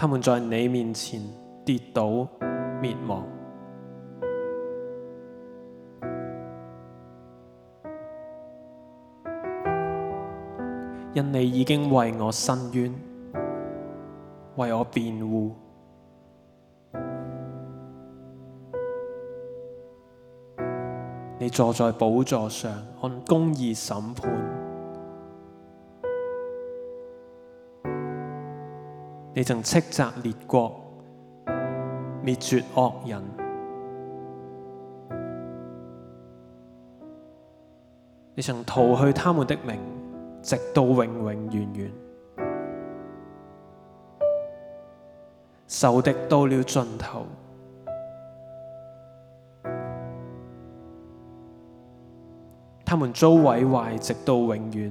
他們在你面前跌倒滅亡，因你已經為我申冤，為我辯護。你坐在寶座上，按公義審判。你曾斥責列國，滅絕惡人；你曾逃去他們的名，直到永永遠遠。仇敵到了盡頭，他們遭毀壞，直到永遠。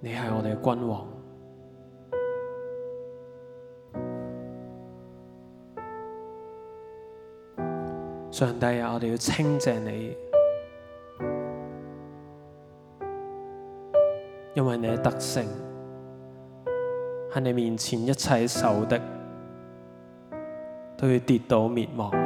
你係我哋嘅君王，上帝啊！我哋要稱讚你，因為你嘅德性，喺你面前一切仇敵都要跌倒滅亡。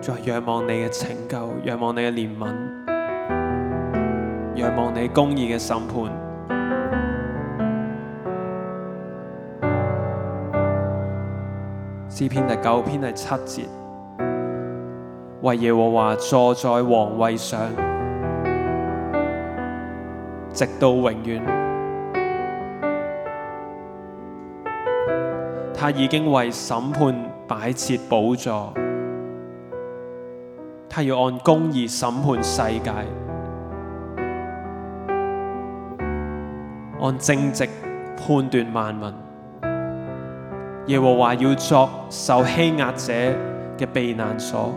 在仰望你嘅拯救，仰望你嘅憐憫，仰望你公義嘅審判。詩篇第九篇係七節，為耶和華坐在皇位上，直到永遠。他已經為審判擺設寶座。係要按公義審判世界，按正直判斷萬民。耶和華要作受欺壓者嘅避難所，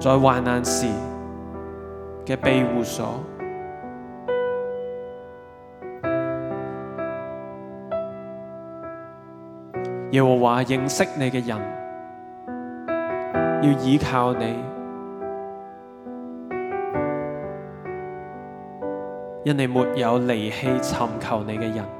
在患難時嘅庇護所。耶和華認識你嘅人。要依靠你，因為你沒有離棄尋求你嘅人。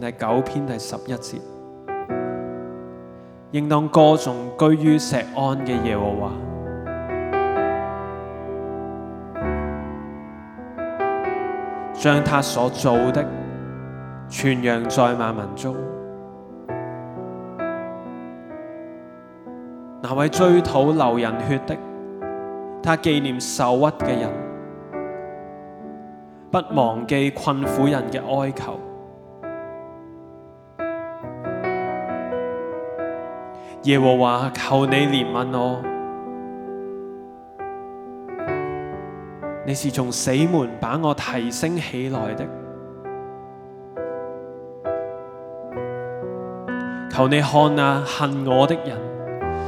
第九篇第十一節，應當歌頌居於錫安嘅耶和華，將他所做的傳揚在萬民中。那位追討流人血的，他紀念受屈嘅人，不忘記困苦人嘅哀求。耶和華，求你憐憫我。你是從死門把我提升起來的。求你看那、啊、恨我的人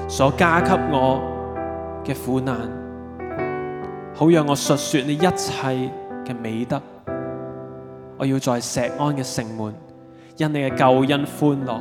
所加給我嘅苦難，好讓我述說你一切嘅美德。我要在錫安嘅城門因你嘅救恩歡樂。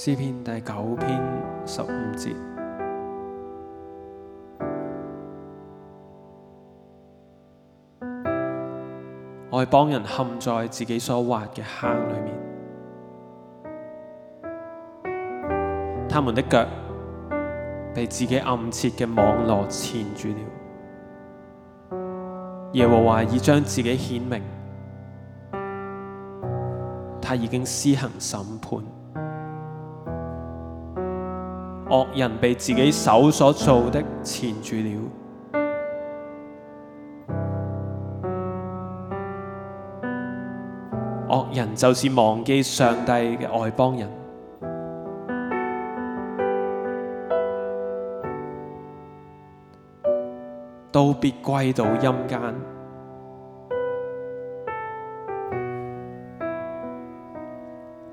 詩篇第九篇十五節：我係幫人陷在自己所挖嘅坑裏面，他們的腳被自己暗設嘅網絡纏住了。耶和華已將自己顯明，他已經施行審判。惡人被自己手所做的纏住了。惡人就是忘記上帝的外邦人，都必歸到陰間。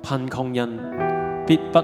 貧窮人必不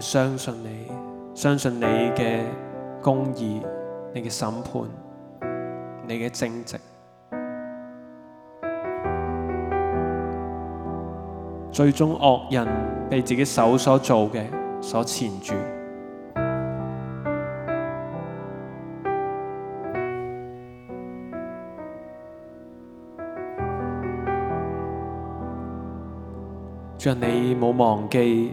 相信你，相信你嘅公義，你嘅審判，你嘅正直， 最終惡人被自己手所做嘅所纏住。主啊， 你冇忘記。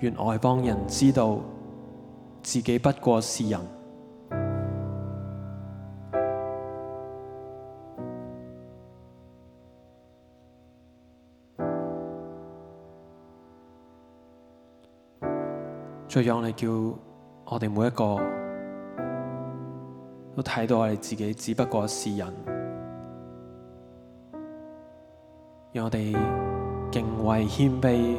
願外邦人知道自己不過是人，再讓你叫我哋每一個都睇到我哋自己只不過是人，讓我哋敬畏謙卑。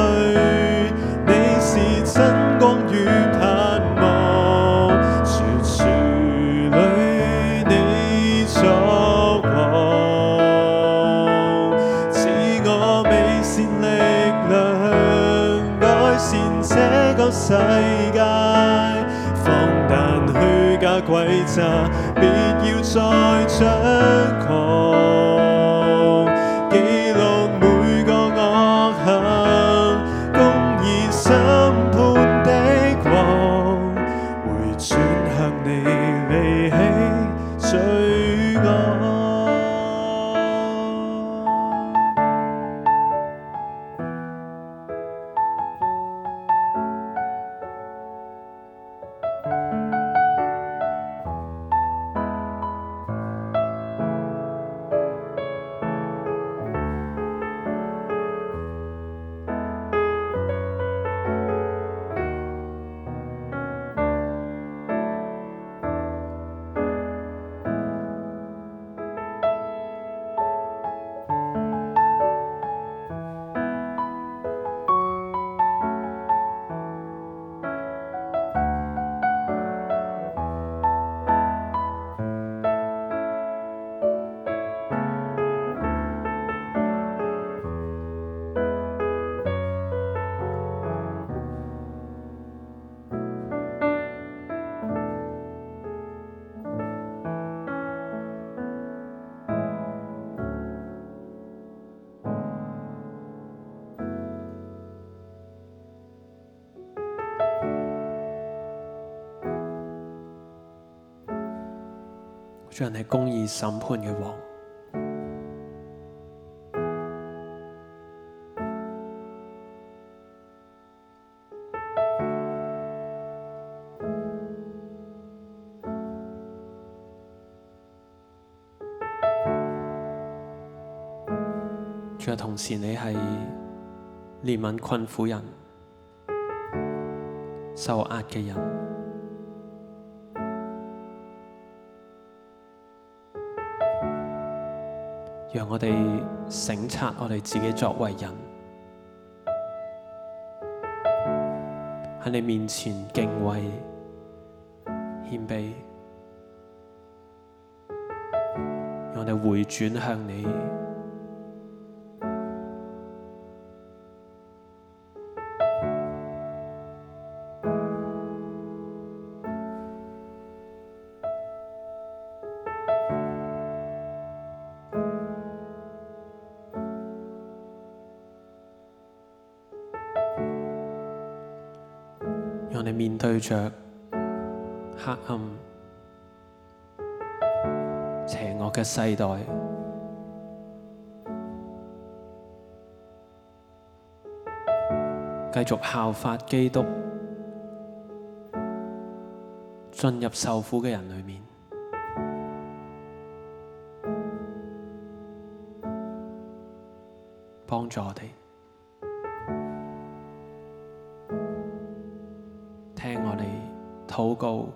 佢係公義審判嘅王，仲有同時你係憐憫困苦人、受壓嘅人。讓我哋省察，我哋自己作為人，喺你面前敬畏謙卑，讓我哋回轉向你。著黑暗、邪惡嘅世代，繼續效法基督，進入受苦嘅人裏面，幫助我哋。禱告，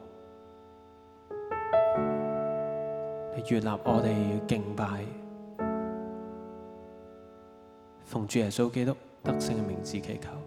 嚟悅納我哋敬拜，奉主耶穌基督得勝嘅名字祈求。